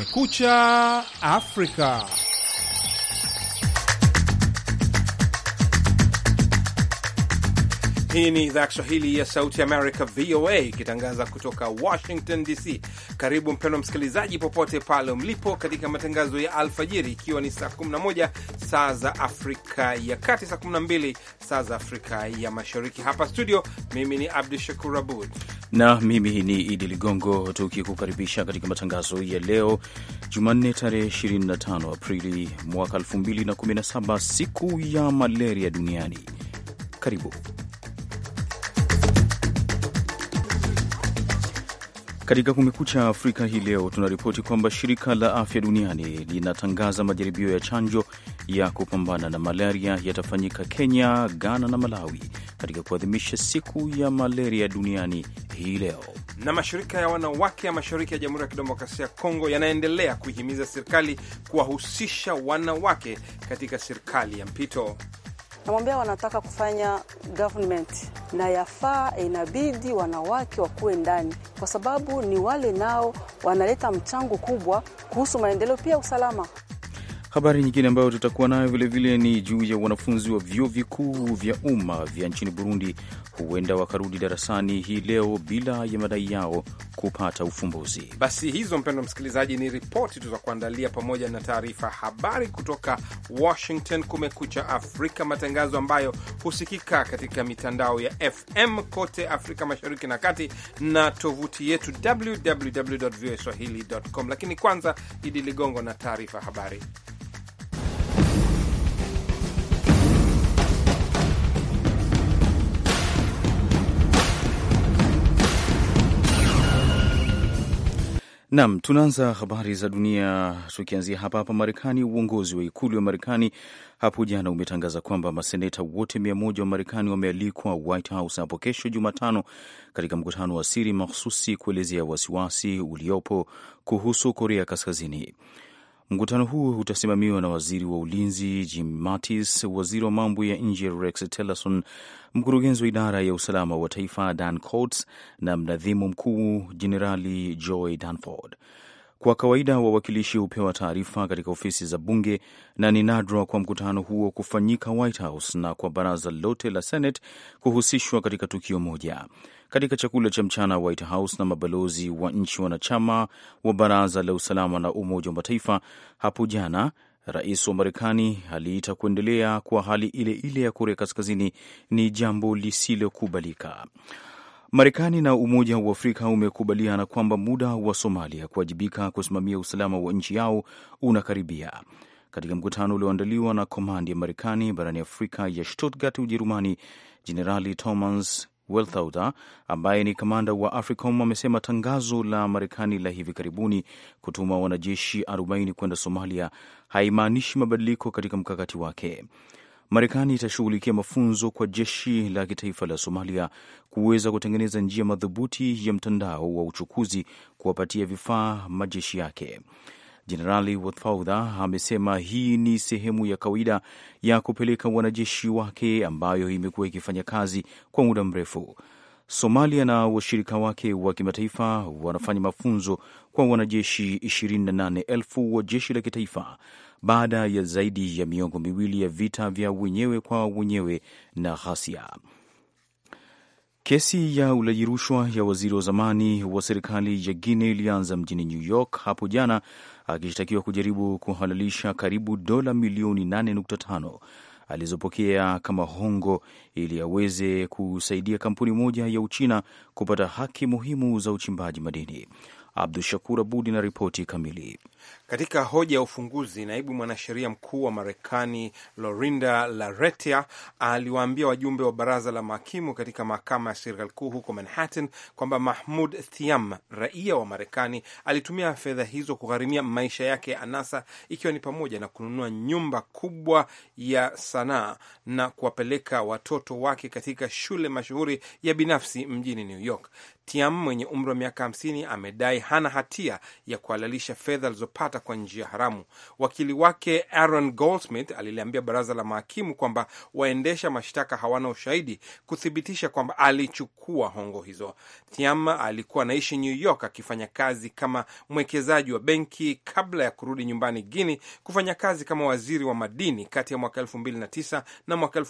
Kumekucha Afrika. Hii ni idhaa ya Kiswahili ya Sauti Amerika, VOA, ikitangaza kutoka Washington DC. Karibu mpendwa msikilizaji, popote pale mlipo, katika matangazo ya alfajiri, ikiwa ni saa 11 saa za Afrika ya Kati, saa 12 saa za Afrika ya Mashariki. Hapa studio, mimi ni Abdu Shakur Abud na mimi ni Idi Ligongo, tukikukaribisha katika matangazo ya leo Jumanne tarehe 25 Aprili mwaka 2017, siku ya malaria duniani. Karibu Katika Kumekucha Afrika hii leo tunaripoti kwamba shirika la afya duniani linatangaza majaribio ya chanjo ya kupambana na malaria yatafanyika Kenya, Ghana na Malawi katika kuadhimisha siku ya malaria duniani hii leo. Na mashirika ya wanawake ya mashariki ya Jamhuri ya Kidemokrasia ya Kongo yanaendelea kuihimiza serikali kuwahusisha wanawake katika serikali ya mpito namwambia wanataka kufanya government na yafaa, inabidi wanawake wakuwe ndani, kwa sababu ni wale nao wanaleta mchango kubwa kuhusu maendeleo, pia usalama. Habari nyingine ambayo tutakuwa nayo vilevile ni juu ya wanafunzi wa vyuo vikuu vya umma vya nchini Burundi, huenda wakarudi darasani hii leo bila ya madai yao kupata ufumbuzi. Basi hizo, mpendwa msikilizaji, ni ripoti tutakuandalia pamoja na taarifa habari kutoka Washington. Kumekucha Afrika, matangazo ambayo husikika katika mitandao ya FM kote Afrika Mashariki na Kati na tovuti yetu www Lakini kwanza, Idi Ligongo na taarifa habari. Nam, tunaanza habari za dunia tukianzia hapa hapa Marekani. Uongozi wa ikulu ya Marekani hapo jana umetangaza kwamba maseneta wote mia moja wa Marekani wamealikwa White House hapo kesho Jumatano katika mkutano wa siri mahususi kuelezea wasiwasi uliopo kuhusu Korea Kaskazini. Mkutano huo utasimamiwa na waziri wa ulinzi Jim Mattis, waziri wa mambo ya nje Rex Tillerson, mkurugenzi wa idara ya usalama wa taifa Dan Coats na mnadhimu mkuu Jenerali Joy Danford. Kwa kawaida wawakilishi hupewa taarifa katika ofisi za bunge na ni nadra kwa mkutano huo kufanyika White House na kwa baraza lote la Senate kuhusishwa katika tukio moja katika chakula cha mchana White House na mabalozi wa nchi wanachama wa Baraza la Usalama la Umoja wa Mataifa. Hapo jana Rais wa Marekani aliita kuendelea kwa hali ile ile ya Korea Kaskazini ni jambo lisilokubalika. Marekani na Umoja wa Afrika umekubaliana kwamba muda wa Somalia kuwajibika kusimamia usalama wa nchi yao unakaribia. Katika mkutano ulioandaliwa na komandi ya Marekani barani Afrika ya Stuttgart, Ujerumani, Jenerali Thomas Welthauer ambaye ni kamanda wa AFRICOM amesema tangazo la Marekani la hivi karibuni kutuma wanajeshi 40 kwenda Somalia haimaanishi mabadiliko katika mkakati wake. Marekani itashughulikia mafunzo kwa jeshi la kitaifa la Somalia kuweza kutengeneza njia madhubuti ya mtandao wa uchukuzi kuwapatia vifaa majeshi yake. Jenerali Wathfaudha amesema hii ni sehemu ya kawaida ya kupeleka wanajeshi wake ambayo imekuwa ikifanya kazi kwa muda mrefu. Somalia na washirika wake wa kimataifa wanafanya mafunzo kwa wanajeshi 28,000 wa jeshi la kitaifa baada ya zaidi ya miongo miwili ya vita vya wenyewe kwa wenyewe na ghasia. Kesi ya ulaji rushwa ya waziri wa zamani wa serikali ya Guinea ilianza mjini New York hapo jana akishtakiwa kujaribu kuhalalisha karibu dola milioni 8.5 alizopokea kama hongo ili aweze kusaidia kampuni moja ya Uchina kupata haki muhimu za uchimbaji madini. Abdu Shakur Abudi na ripoti kamili. Katika hoja ya ufunguzi, naibu mwanasheria mkuu wa Marekani Lorinda Laretia aliwaambia wajumbe wa baraza la mahakimu katika mahakama ya serikali kuu huko Manhattan kwamba Mahmud Thiam, raia wa Marekani, alitumia fedha hizo kugharimia maisha yake ya anasa, ikiwa ni pamoja na kununua nyumba kubwa ya sanaa na kuwapeleka watoto wake katika shule mashuhuri ya binafsi mjini New York. Thiam mwenye umri wa miaka 50 amedai hana hatia ya kuhalalisha fedha alizopata kwa njia haramu. Wakili wake Aaron Goldsmith aliliambia baraza la mahakimu kwamba waendesha mashtaka hawana ushahidi kuthibitisha kwamba alichukua hongo hizo. tiam alikuwa anaishi New York akifanya kazi kama mwekezaji wa benki kabla ya kurudi nyumbani guini kufanya kazi kama waziri wa madini kati ya mwaka mbili na mwaka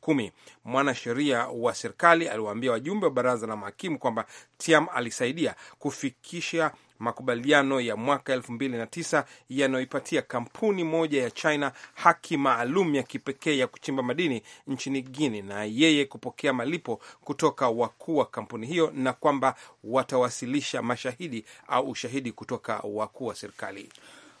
kumi. Mwanasheria wa serikali aliwaambia wajumbe wa baraza la mahakimu kwamba Thiam alisaidia kufikisha makubaliano ya mwaka 29 yanayoipatia kampuni moja ya China haki maalum ya kipekee ya kuchimba madini nchini Guini na yeye kupokea malipo kutoka wakuu wa kampuni hiyo na kwamba watawasilisha mashahidi au ushahidi kutoka wakuu wa serikali.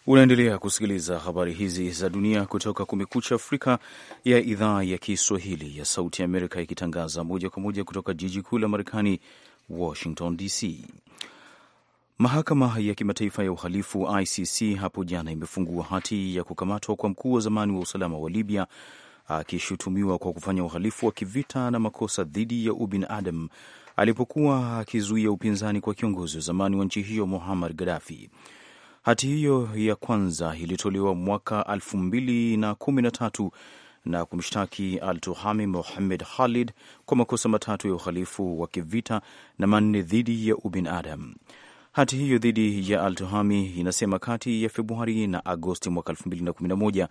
Unaendelea kusikiliza habari hizi za dunia kutoka Kumekucha Afrika ya idhaa ya Kiswahili ya Sauti Amerika, ikitangaza moja kwa moja kutoka jiji kuu la Marekani, Washington DC. Mahakama ya Kimataifa ya Uhalifu ICC hapo jana imefungua hati ya kukamatwa kwa mkuu wa zamani wa usalama wa Libya akishutumiwa kwa kufanya uhalifu wa kivita na makosa dhidi ya ubinadamu alipokuwa akizuia upinzani kwa kiongozi wa zamani wa nchi hiyo muhamad Gaddafi. Hati hiyo ya kwanza ilitolewa mwaka 2013 na kumshtaki Altuhami Mohamed Khalid kwa makosa matatu ya uhalifu wa kivita na manne dhidi ya ubinadamu. Hati hiyo dhidi ya Altuhami inasema kati ya Februari na Agosti mwaka 2011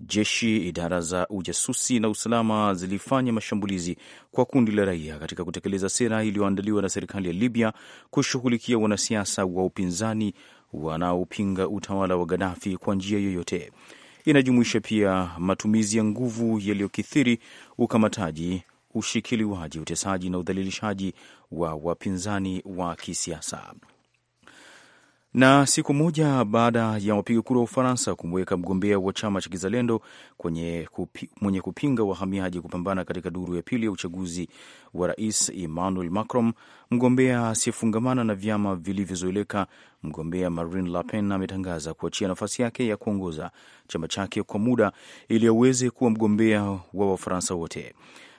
jeshi, idara za ujasusi na usalama zilifanya mashambulizi kwa kundi la raia katika kutekeleza sera iliyoandaliwa na serikali ya Libya kushughulikia wanasiasa wa upinzani wanaopinga utawala wa Gaddafi kwa njia yoyote. Inajumuisha pia matumizi ya nguvu yaliyokithiri, ukamataji, ushikiliwaji, utesaji na udhalilishaji wa wapinzani wa kisiasa. Na siku moja baada ya wapiga kura wa Ufaransa kumweka mgombea wa chama cha kizalendo kwenye kupi, mwenye kupinga wahamiaji kupambana katika duru ya pili ya uchaguzi wa rais Emmanuel Macron, mgombea asiyefungamana na vyama vilivyozoeleka, mgombea Marine Le Pen ametangaza kuachia nafasi yake ya kuongoza chama chake kwa muda ili aweze kuwa mgombea wa Wafaransa wote.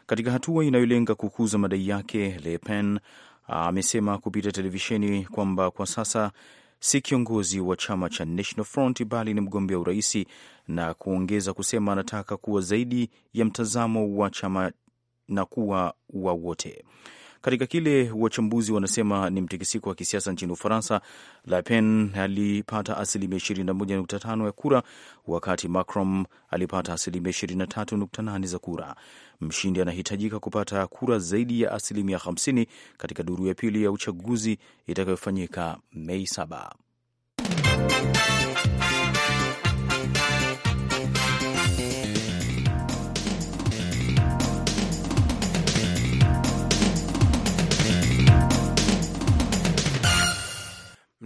Katika hatua inayolenga kukuza madai yake, Le Pen amesema kupita televisheni kwamba kwa sasa si kiongozi wa chama cha National Front bali ni mgombea uraisi, na kuongeza kusema anataka kuwa zaidi ya mtazamo wa chama na kuwa wa wote katika kile wachambuzi wanasema ni mtikisiko wa kisiasa nchini Ufaransa. Le Pen alipata asilimia 21.5 ya kura wakati Macron alipata asilimia 23.8 za kura. Mshindi anahitajika kupata kura zaidi ya asilimia 50 katika duru ya pili ya uchaguzi itakayofanyika Mei 7.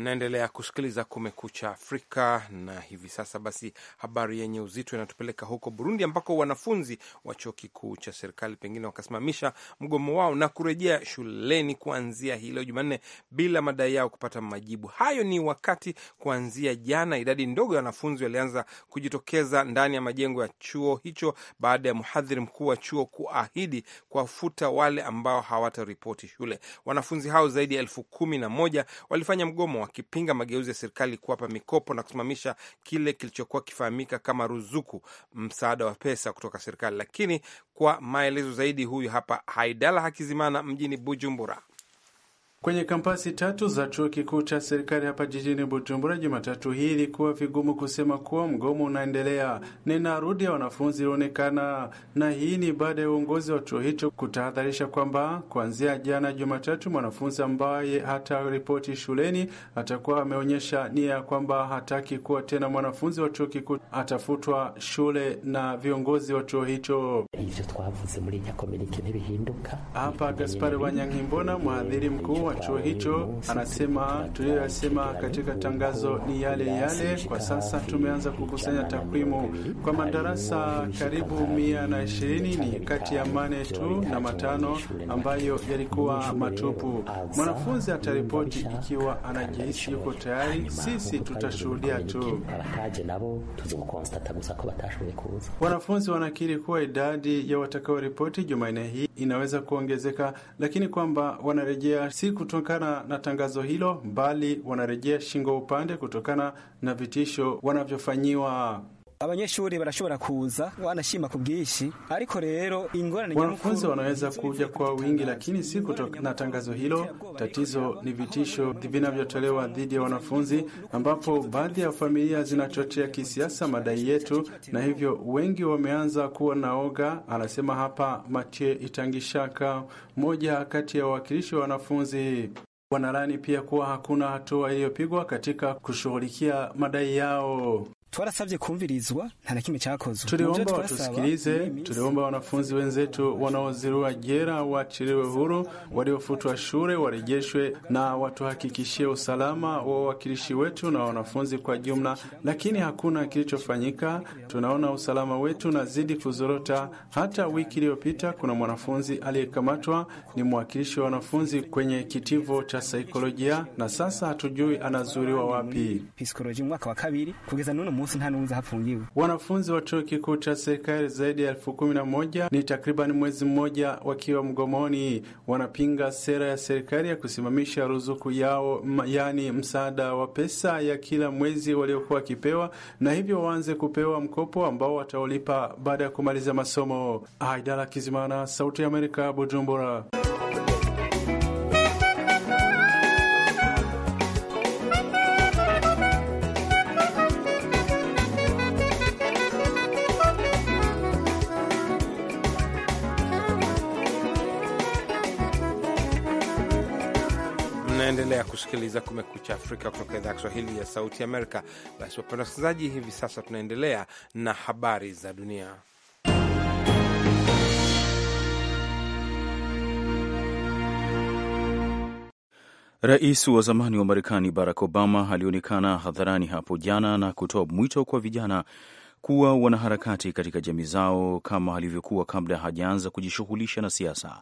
naendelea kusikiliza Kumekucha Afrika na hivi sasa basi, habari yenye uzito inatupeleka huko Burundi, ambako wanafunzi wa chuo kikuu cha serikali pengine wakasimamisha mgomo wao na kurejea shuleni kuanzia hii leo Jumanne bila madai yao kupata majibu. Hayo ni wakati kuanzia jana idadi ndogo ya wanafunzi walianza kujitokeza ndani ya majengo ya chuo hicho baada ya mhadhiri mkuu wa chuo kuahidi kuwafuta wale ambao hawataripoti shule. Wanafunzi hao zaidi ya elfu kumi na moja walifanya mgomo wakipinga mageuzi ya serikali kuwapa mikopo na kusimamisha kile kilichokuwa kifahamika kama ruzuku, msaada wa pesa kutoka serikali. Lakini kwa maelezo zaidi, huyu hapa Haidala Hakizimana mjini Bujumbura kwenye kampasi tatu za chuo kikuu cha serikali hapa jijini Bujumbura Jumatatu hii ilikuwa vigumu kusema kuwa mgomo unaendelea ni rudi ya wanafunzi ilionekana, na hii ni baada ya uongozi wa chuo hicho kutahadharisha kwamba kuanzia jana Jumatatu, mwanafunzi ambaye hata ripoti shuleni atakuwa ameonyesha nia ya kwamba hataki kuwa tena mwanafunzi wa chuo kikuu atafutwa shule na viongozi wa chuo hicho. Hapa Gaspari Wanyankimbona, mhadhiri mkuu wa chuo hicho anasema tuliyoyasema katika tangazo ni yale yale. Kwa sasa tumeanza kukusanya takwimu kwa madarasa karibu mia na ishirini, ni kati ya mane tu na matano ambayo yalikuwa matupu. Mwanafunzi ataripoti ikiwa anajihisi yuko tayari, sisi tutashuhudia tu. Wanafunzi wanakiri kuwa idadi ya watakaoripoti Jumanne hii inaweza kuongezeka, lakini kwamba wanarejea siku kutokana na tangazo hilo, bali wanarejea shingo upande kutokana na vitisho wanavyofanyiwa abanyeshuri barashobora kuza wanashima kubwishi, ariko rero ingorane wanafunzi wanaweza kuja kwa wingi, lakini si kutokana na tangazo hilo. Tatizo ni vitisho vinavyotolewa dhidi ya wanafunzi, ambapo baadhi ya familia zinachochea kisiasa madai yetu, na hivyo wengi wameanza kuwa na oga, anasema hapa Matie Itangishaka, moja kati ya wawakilishi wa wanafunzi wanalani pia kuwa hakuna hatua iliyopigwa katika kushughulikia madai yao twarasabye kumvirizwa nta na kimwe cyakozwe. Tuliomba watusikilize, tuliomba wanafunzi wenzetu wanaozirua jela waachiliwe huru, waliofutwa shule warejeshwe, na watuhakikishie usalama wa wawakilishi wetu na wanafunzi kwa jumla, lakini hakuna kilichofanyika. Tunaona usalama wetu unazidi kuzorota. Hata wiki iliyopita kuna mwanafunzi aliyekamatwa, ni mwakilishi wa wanafunzi kwenye kitivo cha saikolojia, na sasa hatujui anazuriwa wapi. Mwaka kamusi nta n'uwuzi hafungiwe. Wanafunzi wa chuo kikuu cha serikali zaidi ya elfu kumi na moja ni takribani mwezi mmoja wakiwa mgomoni, wanapinga sera ya serikali ya kusimamisha ruzuku yao, yaani msaada wa pesa ya kila mwezi waliokuwa wakipewa, na hivyo waanze kupewa mkopo ambao wataulipa baada ya kumaliza masomo. Haidara Kizimana, Sauti ya Amerika, Bujumbura. Mnaendelea kusikiliza Kumekucha Afrika kutoka idhaa ya Kiswahili ya Sauti Amerika. Basi wapenda wasikilizaji, hivi sasa tunaendelea na habari za dunia. Rais wa zamani wa Marekani Barack Obama alionekana hadharani hapo jana na kutoa mwito kwa vijana kuwa wanaharakati katika jamii zao kama alivyokuwa kabla hajaanza kujishughulisha na siasa.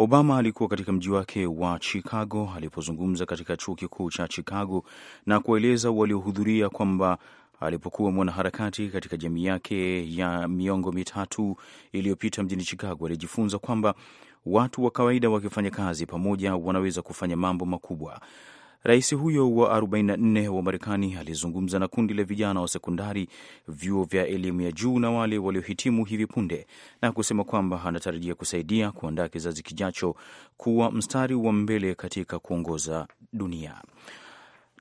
Obama alikuwa katika mji wake wa Chicago alipozungumza katika chuo kikuu cha Chicago na kuwaeleza waliohudhuria kwamba alipokuwa mwanaharakati katika jamii yake ya miongo mitatu iliyopita mjini Chicago, alijifunza kwamba watu wa kawaida wakifanya kazi pamoja wanaweza kufanya mambo makubwa. Rais huyo wa 44 wa Marekani alizungumza na kundi la vijana wa sekondari, vyuo vya elimu ya juu na wale waliohitimu hivi punde, na kusema kwamba anatarajia kusaidia kuandaa kizazi kijacho kuwa mstari wa mbele katika kuongoza dunia.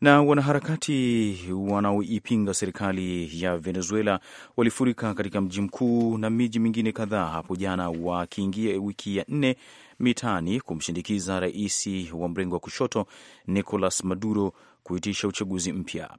Na wanaharakati wanaoipinga serikali ya Venezuela walifurika katika mji mkuu na miji mingine kadhaa hapo jana, wakiingia wiki ya nne mitaani kumshindikiza rais wa mrengo wa kushoto Nicolas Maduro kuitisha uchaguzi mpya.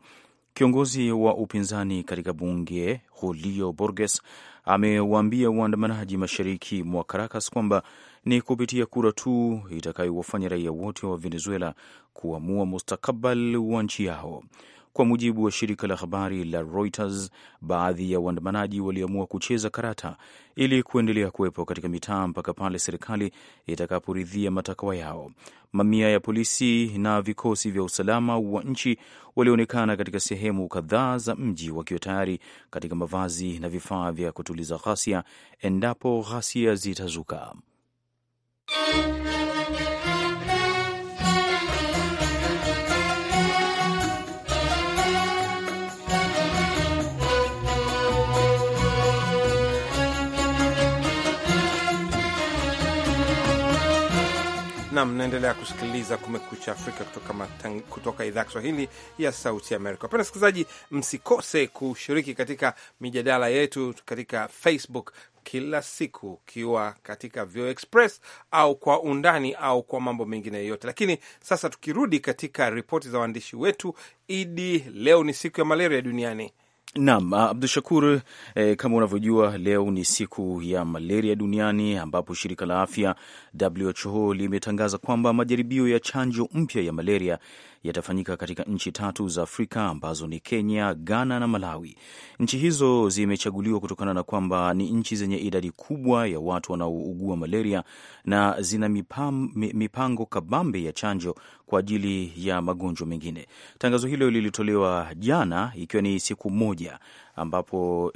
Kiongozi wa upinzani katika bunge Julio Borges amewaambia waandamanaji mashariki mwa Caracas kwamba ni kupitia kura tu itakayowafanya raia wote wa Venezuela kuamua mustakabali wa nchi yao. Kwa mujibu wa shirika la habari la Reuters, baadhi ya waandamanaji waliamua kucheza karata ili kuendelea kuwepo katika mitaa mpaka pale serikali itakaporidhia matakwa yao. Mamia ya polisi na vikosi vya usalama wa nchi walionekana katika sehemu kadhaa za mji wakiwa tayari katika mavazi na vifaa vya kutuliza ghasia endapo ghasia zitazuka. na mnaendelea kusikiliza Kumekucha Afrika kutoka, matang, kutoka idhaa Kiswahili ya Sauti Amerika. Wapenda wasikilizaji, msikose kushiriki katika mijadala yetu katika Facebook kila siku, ukiwa katika Vio Express au kwa undani au kwa mambo mengine yoyote. Lakini sasa tukirudi katika ripoti za waandishi wetu, Idi, leo ni siku ya malaria duniani. Naam, uh, Abdu Shakur, eh, kama unavyojua leo ni siku ya malaria duniani ambapo shirika la afya WHO limetangaza kwamba majaribio ya chanjo mpya ya malaria yatafanyika katika nchi tatu za Afrika ambazo ni Kenya, Ghana na Malawi. Nchi hizo zimechaguliwa kutokana na kwamba ni nchi zenye idadi kubwa ya watu wanaougua malaria na zina mipam, mipango kabambe ya chanjo kwa ajili ya magonjwa mengine. Tangazo hilo lilitolewa jana ikiwa ni siku moja moja ambapo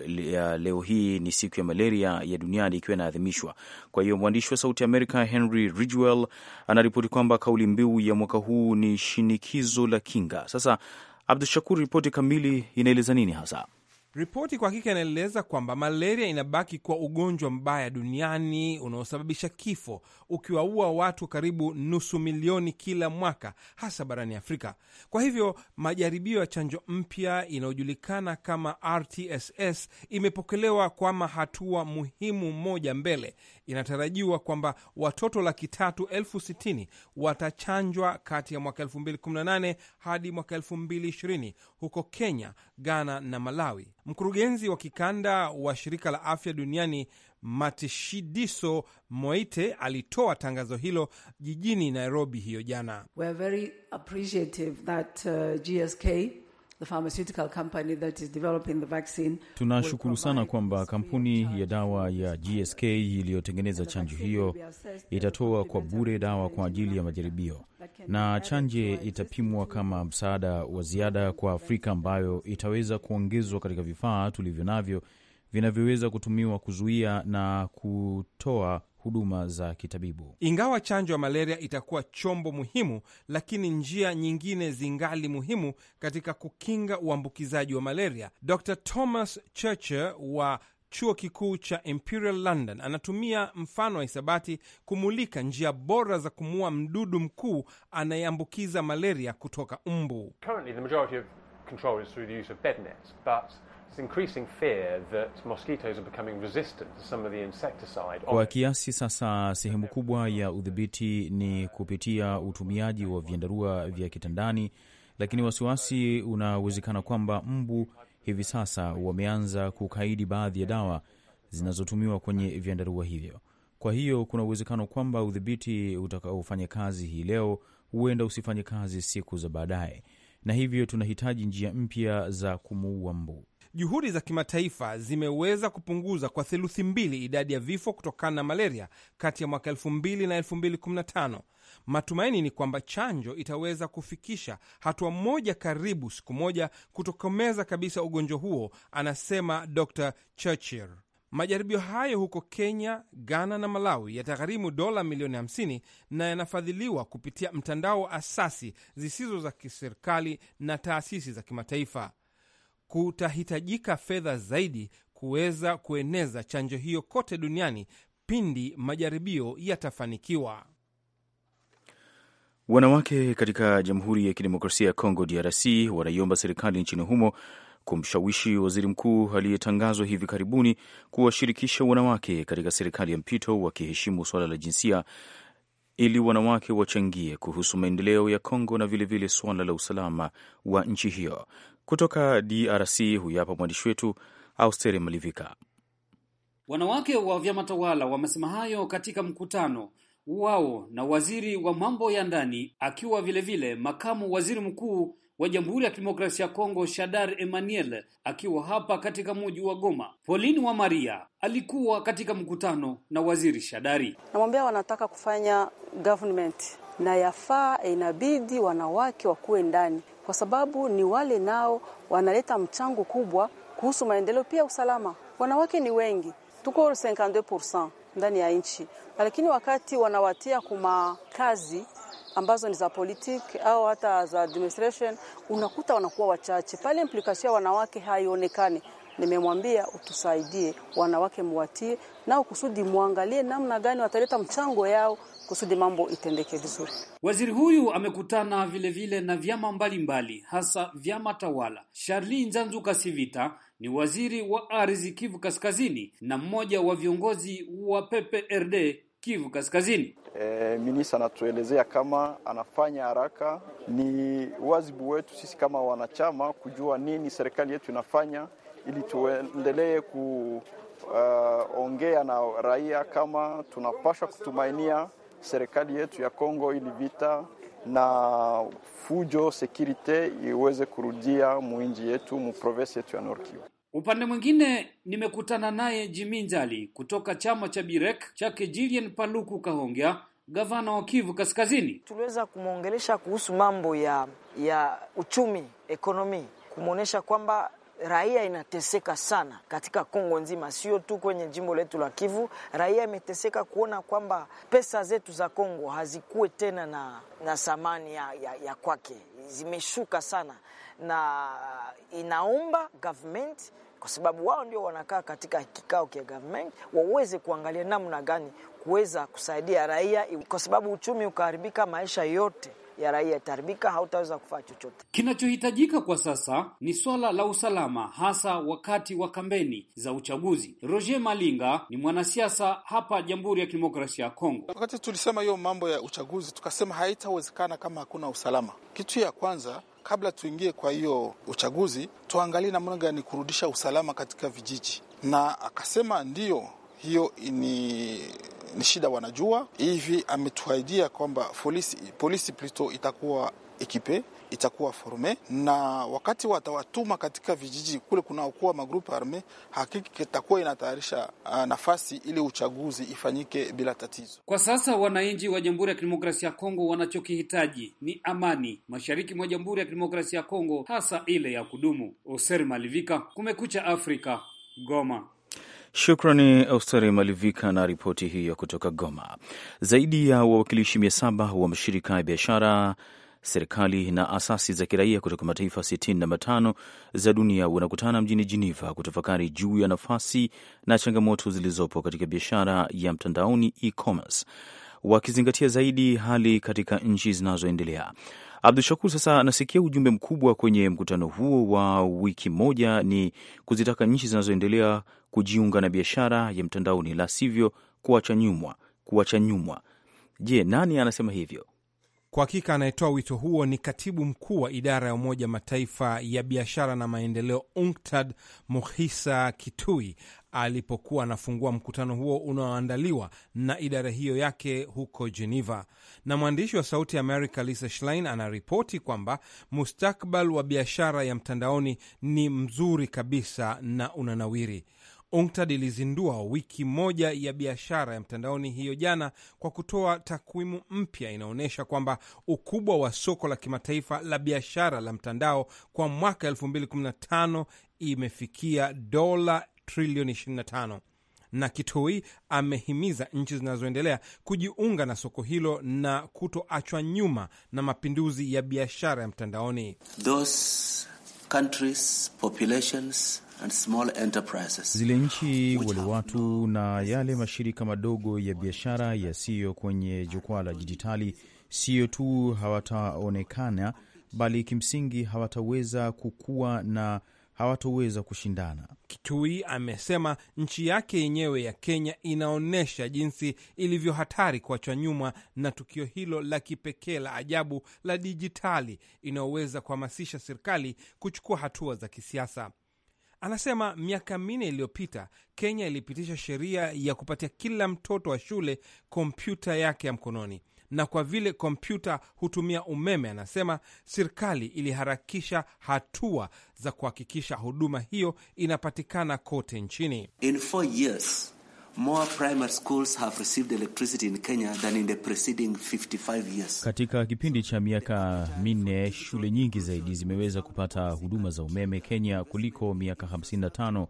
leo hii ni siku ya malaria ya duniani ikiwa inaadhimishwa. Kwa hiyo mwandishi wa Sauti Amerika Henry Ridgwell anaripoti kwamba kauli mbiu ya mwaka huu ni shinikizo la kinga. Sasa Abdu Shakur, ripoti kamili inaeleza nini hasa? Ripoti kwa hakika inaeleza kwamba malaria inabaki kuwa ugonjwa mbaya duniani unaosababisha kifo, ukiwaua watu karibu nusu milioni kila mwaka, hasa barani Afrika. Kwa hivyo majaribio ya chanjo mpya inayojulikana kama RTSS imepokelewa kama hatua muhimu moja mbele. Inatarajiwa kwamba watoto laki tatu elfu sitini watachanjwa kati ya mwaka 2018 hadi mwaka 2020 huko Kenya, Ghana na Malawi. Mkurugenzi wa kikanda wa shirika la afya duniani Matshidiso Moite alitoa tangazo hilo jijini Nairobi hiyo jana. We are very appreciative that, uh, GSK Tunashukuru sana kwamba kampuni ya dawa ya GSK iliyotengeneza chanjo hiyo itatoa kwa bure dawa kwa ajili ya majaribio na chanje itapimwa kama msaada wa ziada kwa Afrika ambayo itaweza kuongezwa katika vifaa tulivyo navyo vinavyoweza kutumiwa kuzuia na kutoa huduma za kitabibu. Ingawa chanjo ya malaria itakuwa chombo muhimu, lakini njia nyingine zingali muhimu katika kukinga uambukizaji wa malaria. Dr Thomas Churcher wa chuo kikuu cha Imperial London anatumia mfano wa hisabati kumulika njia bora za kumuua mdudu mkuu anayeambukiza malaria kutoka mbu. Kwa kiasi sasa, sehemu kubwa ya udhibiti ni kupitia utumiaji wa vyandarua vya kitandani, lakini wasiwasi unawezekana kwamba mbu hivi sasa wameanza kukaidi baadhi ya dawa zinazotumiwa kwenye vyandarua hivyo. Kwa hiyo kuna uwezekano kwamba udhibiti utakaofanya kazi hii leo huenda usifanye kazi siku za baadaye, na hivyo tunahitaji njia mpya za kumuua mbu. Juhudi za kimataifa zimeweza kupunguza kwa theluthi mbili idadi ya vifo kutokana na malaria kati ya mwaka 2000 na 2015. Matumaini ni kwamba chanjo itaweza kufikisha hatua moja karibu siku moja kutokomeza kabisa ugonjwa huo, anasema Dr Churchill. Majaribio hayo huko Kenya, Ghana na Malawi yatagharimu dola milioni 50 na yanafadhiliwa kupitia mtandao wa asasi zisizo za kiserikali na taasisi za kimataifa kutahitajika fedha zaidi kuweza kueneza chanjo hiyo kote duniani pindi majaribio yatafanikiwa. Wanawake katika Jamhuri ya Kidemokrasia ya Kongo, DRC, wanaiomba serikali nchini humo kumshawishi waziri mkuu aliyetangazwa hivi karibuni kuwashirikisha wanawake katika serikali ya mpito, wakiheshimu suala la jinsia ili wanawake wachangie kuhusu maendeleo ya Kongo na vilevile suala la usalama wa nchi hiyo. Kutoka DRC huyu hapa mwandishi wetu Austeri Malivika. Wanawake wa vyama tawala wamesema hayo katika mkutano wao na waziri wa mambo ya ndani akiwa vilevile vile makamu waziri mkuu wa Jamhuri ya Kidemokrasia ya Kongo Shadar Emmanuel akiwa hapa katika muji wa Goma. Pauline wa Maria alikuwa katika mkutano na waziri Shadari. Namwambia wanataka kufanya government na yafaa, inabidi wanawake wakuwe ndani kwa sababu ni wale nao wanaleta mchango kubwa kuhusu maendeleo pia usalama. Wanawake ni wengi, tuko 52% ndani ya nchi, lakini wakati wanawatia kuma kazi ambazo ni za politiki au hata za administration, unakuta wanakuwa wachache pale. Implication ya wanawake haionekani. Nimemwambia utusaidie wanawake, muwatie nao kusudi muangalie namna gani wataleta mchango yao kusudi mambo itendeke vizuri. Waziri huyu amekutana vilevile vile na vyama mbalimbali mbali, hasa vyama tawala. Charli Nzanzu Kasivita ni waziri wa ardhi Kivu Kaskazini na mmoja wa viongozi wa PPRD Kivu Kaskazini. E, minisa anatuelezea kama anafanya haraka. Ni wajibu wetu sisi kama wanachama kujua nini serikali yetu inafanya ili tuendelee kuongea uh, na raia kama tunapaswa kutumainia serikali yetu ya Kongo ili vita na fujo sekirite iweze kurudia muinji yetu muprovensi yetu ya Nord Kivu. Upande mwingine nimekutana naye Jimi Njali kutoka chama cha Birek chake Julien Paluku Kahongya, gavana wa Kivu Kaskazini. Tuliweza kumwongelesha kuhusu mambo ya ya uchumi, ekonomi, kumwonyesha kwamba raia inateseka sana katika Kongo nzima, sio tu kwenye jimbo letu la Kivu. Raia imeteseka kuona kwamba pesa zetu za Kongo hazikuwe tena na, na thamani ya, ya, ya kwake, zimeshuka sana, na inaomba government kwa sababu wao ndio wanakaa katika kikao kia government waweze kuangalia namna gani kuweza kusaidia raia, kwa sababu uchumi ukaharibika, maisha yote ya raia itaharibika, hautaweza kufanya chochote. Kinachohitajika kwa sasa ni swala la usalama, hasa wakati wa kampeni za uchaguzi. Roger Malinga ni mwanasiasa hapa Jamhuri ya Kidemokrasia ya Kongo. Wakati tulisema hiyo mambo ya uchaguzi, tukasema haitawezekana kama hakuna usalama. Kitu ya kwanza kabla tuingie kwa hiyo uchaguzi, tuangalie namna gani kurudisha usalama katika vijiji, na akasema ndiyo, hiyo ni ni shida wanajua hivi. Ametuahidia kwamba polisi, polisi plito itakuwa ekipe itakuwa forme na wakati watawatuma katika vijiji kule kunaokuwa magrupu arme, hakika itakuwa inatayarisha ah, nafasi ili uchaguzi ifanyike bila tatizo. Kwa sasa wananchi wa Jamhuri ya Kidemokrasia ya Kongo wanachokihitaji ni amani mashariki mwa Jamhuri ya Kidemokrasia ya Kongo, hasa ile ya kudumu. Oser Malivika, Kumekucha Afrika, Goma. Shukrani Austeri Malivika na ripoti hiyo kutoka Goma. Zaidi ya wawakilishi mia saba wa mashirika ya biashara serikali na asasi za kiraia kutoka mataifa 65 za dunia wanakutana mjini Geneva kutafakari juu ya nafasi na changamoto zilizopo katika biashara ya mtandaoni e-commerce, wakizingatia zaidi hali katika nchi zinazoendelea. Abdu Shakur, sasa nasikia ujumbe mkubwa kwenye mkutano huo wa wiki moja ni kuzitaka nchi zinazoendelea kujiunga na biashara ya mtandaoni, la sivyo kuacha nyumwa kuacha nyumwa. Je, nani anasema hivyo? Kwa hakika anayetoa wito huo ni katibu mkuu wa idara ya Umoja Mataifa ya biashara na maendeleo UNCTAD Muhisa Kitui alipokuwa anafungua mkutano huo unaoandaliwa na idara hiyo yake huko Geneva. Na mwandishi wa Sauti ya Amerika Lisa Schlein anaripoti kwamba mustakbal wa biashara ya mtandaoni ni mzuri kabisa na unanawiri. UNCTAD ilizindua wiki moja ya biashara ya mtandaoni hiyo jana kwa kutoa takwimu mpya inaonyesha kwamba ukubwa wa soko la kimataifa la biashara la mtandao kwa mwaka 2015 imefikia dola trilioni 25 na Kitoi amehimiza nchi zinazoendelea kujiunga na soko hilo na kutoachwa nyuma na mapinduzi ya biashara ya mtandaoni. Those countries, populations and small enterprises. Zile nchi wale watu na yale mashirika madogo ya biashara yasiyo kwenye jukwaa la dijitali siyo tu hawataonekana, bali kimsingi hawataweza kukua na hawatoweza kushindana. Kitui amesema nchi yake yenyewe ya Kenya inaonyesha jinsi ilivyo hatari kuachwa nyuma na tukio hilo la kipekee la ajabu la dijitali inayoweza kuhamasisha serikali kuchukua hatua za kisiasa. Anasema miaka minne iliyopita Kenya ilipitisha sheria ya kupatia kila mtoto wa shule kompyuta yake ya mkononi, na kwa vile kompyuta hutumia umeme, anasema serikali iliharakisha hatua za kuhakikisha huduma hiyo inapatikana kote nchini. In four years. More primary schools have received electricity in Kenya than in the preceding 55 years. Katika kipindi cha miaka minne shule nyingi zaidi zimeweza kupata huduma za umeme Kenya kuliko miaka 55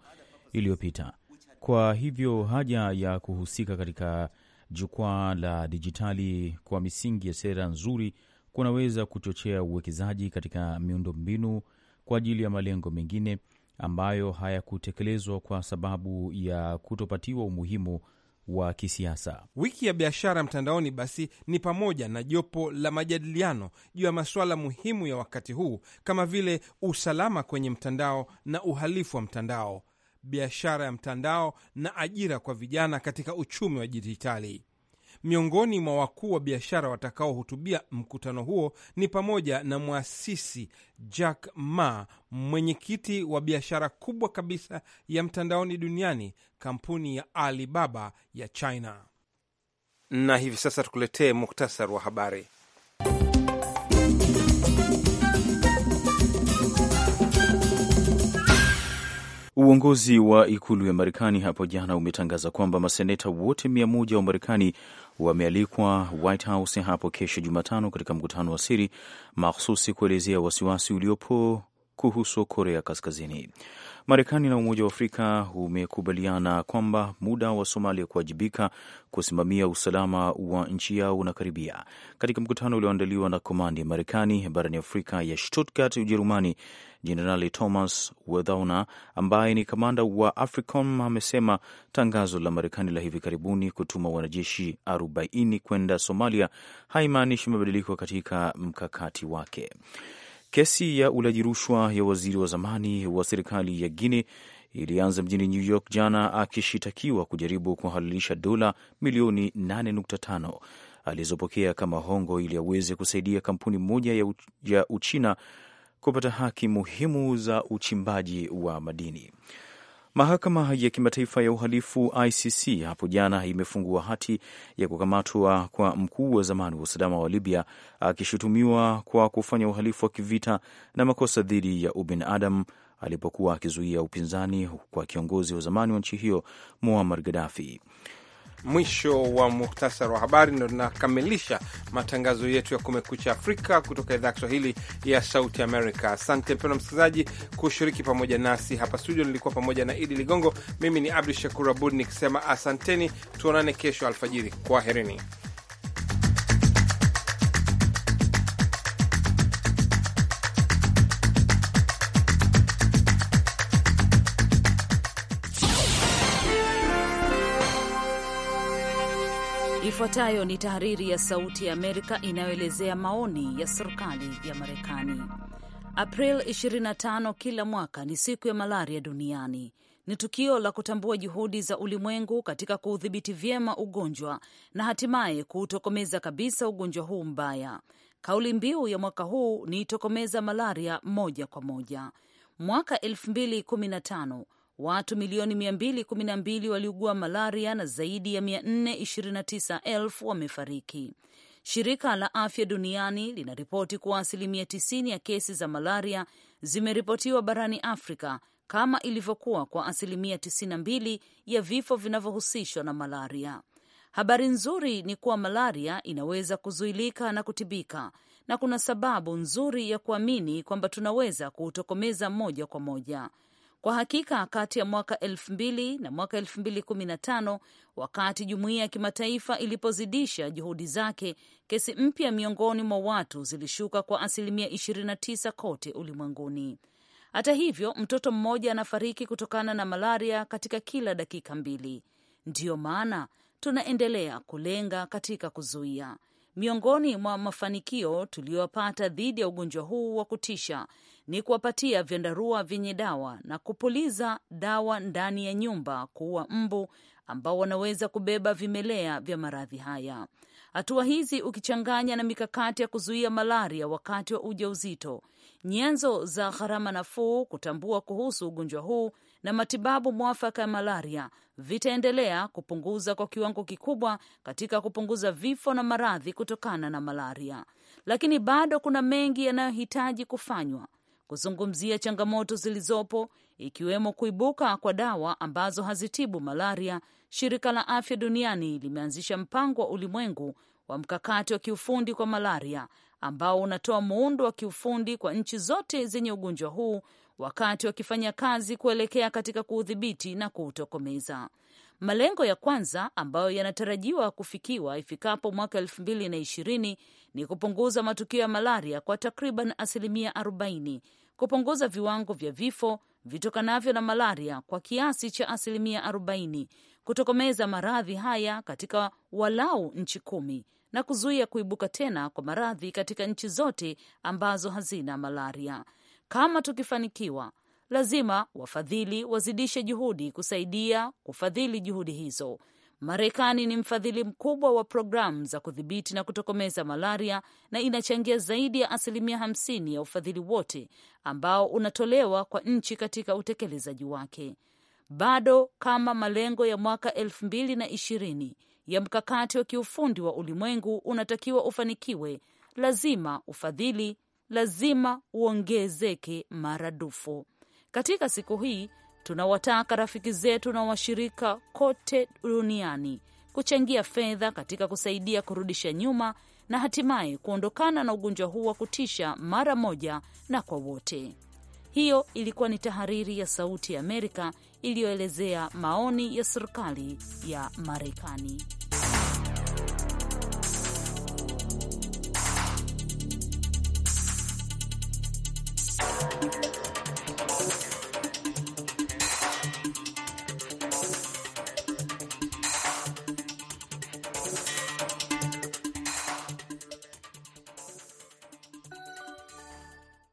iliyopita. Kwa hivyo haja ya kuhusika katika jukwaa la dijitali kwa misingi ya sera nzuri kunaweza kuchochea uwekezaji katika miundombinu kwa ajili ya malengo mengine ambayo hayakutekelezwa kwa sababu ya kutopatiwa umuhimu wa kisiasa. Wiki ya biashara mtandaoni basi ni pamoja na jopo la majadiliano juu ya masuala muhimu ya wakati huu kama vile usalama kwenye mtandao na uhalifu wa mtandao, biashara ya mtandao na ajira kwa vijana katika uchumi wa dijitali. Miongoni mwa wakuu wa biashara watakaohutubia mkutano huo ni pamoja na mwasisi Jack Ma, mwenyekiti wa biashara kubwa kabisa ya mtandaoni duniani, kampuni ya Alibaba ya China. Na hivi sasa tukuletee muktasar wa habari. Uongozi wa ikulu ya Marekani hapo jana umetangaza kwamba maseneta wote mia moja wa Marekani wamealikwa White House hapo kesho Jumatano katika mkutano wa siri makhususi kuelezea wasiwasi uliopo kuhusu Korea Kaskazini. Marekani na Umoja wa Afrika umekubaliana kwamba muda wa Somalia kuwajibika kusimamia usalama wa nchi yao unakaribia. Katika mkutano ulioandaliwa na komandi ya Marekani barani Afrika ya Stuttgart, Ujerumani, Jenerali Thomas Wethauna ambaye ni kamanda wa AFRICOM amesema tangazo la Marekani la hivi karibuni kutuma wanajeshi 40 kwenda Somalia haimaanishi mabadiliko katika mkakati wake. Kesi ya ulaji rushwa ya waziri wa zamani wa serikali ya Guinea ilianza mjini New York jana, akishitakiwa kujaribu kuhalalisha dola milioni 8.5 alizopokea kama hongo ili aweze kusaidia kampuni moja ya Uchina kupata haki muhimu za uchimbaji wa madini. Mahakama ya Kimataifa ya Uhalifu ICC hapo jana imefungua hati ya kukamatwa kwa mkuu wa zamani wa usalama wa Libya akishutumiwa kwa kufanya uhalifu wa kivita na makosa dhidi ya ubinadamu alipokuwa akizuia upinzani kwa kiongozi wa zamani wa nchi hiyo Muammar Gaddafi. Mwisho wa muhtasari wa habari, ndo tunakamilisha matangazo yetu ya Kumekucha Afrika kutoka idhaa ya Kiswahili ya Sauti Amerika. Asante mpendwa msikilizaji kushiriki pamoja nasi hapa studio. Nilikuwa pamoja na Idi Ligongo, mimi ni Abdu Shakur Abud nikisema asanteni, tuonane kesho alfajiri. Kwaherini. Ifuatayo ni tahariri ya Sauti ya Amerika inayoelezea maoni ya serikali ya Marekani. April 25 kila mwaka ni siku ya malaria duniani. Ni tukio la kutambua juhudi za ulimwengu katika kuudhibiti vyema ugonjwa na hatimaye kuutokomeza kabisa ugonjwa huu mbaya. Kauli mbiu ya mwaka huu ni itokomeza malaria moja kwa moja. Mwaka 2015 Watu milioni 212 waliugua malaria na zaidi ya 429,000 wamefariki. Shirika la Afya Duniani linaripoti kuwa asilimia 90 ya kesi za malaria zimeripotiwa barani Afrika kama ilivyokuwa kwa asilimia 92 ya vifo vinavyohusishwa na malaria. Habari nzuri ni kuwa malaria inaweza kuzuilika na kutibika, na kuna sababu nzuri ya kuamini kwamba tunaweza kuutokomeza moja kwa moja. Kwa hakika kati ya mwaka elfu mbili na mwaka elfu mbili kumi na tano wakati jumuiya ya kimataifa ilipozidisha juhudi zake, kesi mpya miongoni mwa watu zilishuka kwa asilimia 29 kote ulimwenguni. Hata hivyo, mtoto mmoja anafariki kutokana na malaria katika kila dakika mbili. Ndiyo maana tunaendelea kulenga katika kuzuia. Miongoni mwa mafanikio tuliyopata dhidi ya ugonjwa huu wa kutisha ni kuwapatia vyandarua vyenye dawa na kupuliza dawa ndani ya nyumba kuua mbu ambao wanaweza kubeba vimelea vya maradhi haya. Hatua hizi ukichanganya na mikakati ya kuzuia malaria wakati wa ujauzito, nyenzo za gharama nafuu, kutambua kuhusu ugonjwa huu na matibabu mwafaka ya malaria vitaendelea kupunguza kwa kiwango kikubwa katika kupunguza vifo na maradhi kutokana na malaria, lakini bado kuna mengi yanayohitaji kufanywa kuzungumzia changamoto zilizopo ikiwemo kuibuka kwa dawa ambazo hazitibu malaria, shirika la afya duniani limeanzisha mpango wa ulimwengu wa mkakati wa kiufundi kwa malaria ambao unatoa muundo wa kiufundi kwa nchi zote zenye ugonjwa huu wakati wakifanya kazi kuelekea katika kuudhibiti na kuutokomeza. Malengo ya kwanza ambayo yanatarajiwa kufikiwa ifikapo mwaka elfu mbili na ishirini ni kupunguza matukio ya malaria kwa takriban asilimia 40, kupunguza viwango vya vifo vitokanavyo na malaria kwa kiasi cha asilimia 40, kutokomeza maradhi haya katika walau nchi kumi na kuzuia kuibuka tena kwa maradhi katika nchi zote ambazo hazina malaria. Kama tukifanikiwa lazima wafadhili wazidishe juhudi kusaidia kufadhili juhudi hizo. Marekani ni mfadhili mkubwa wa programu za kudhibiti na kutokomeza malaria na inachangia zaidi ya asilimia hamsini ya ufadhili wote ambao unatolewa kwa nchi katika utekelezaji wake. Bado kama malengo ya mwaka elfu mbili na ishirini ya mkakati wa kiufundi wa ulimwengu unatakiwa ufanikiwe, lazima ufadhili lazima uongezeke maradufu. Katika siku hii tunawataka rafiki zetu na washirika kote duniani kuchangia fedha katika kusaidia kurudisha nyuma na hatimaye kuondokana na ugonjwa huu wa kutisha mara moja na kwa wote. Hiyo ilikuwa ni tahariri ya Sauti ya Amerika iliyoelezea maoni ya serikali ya Marekani.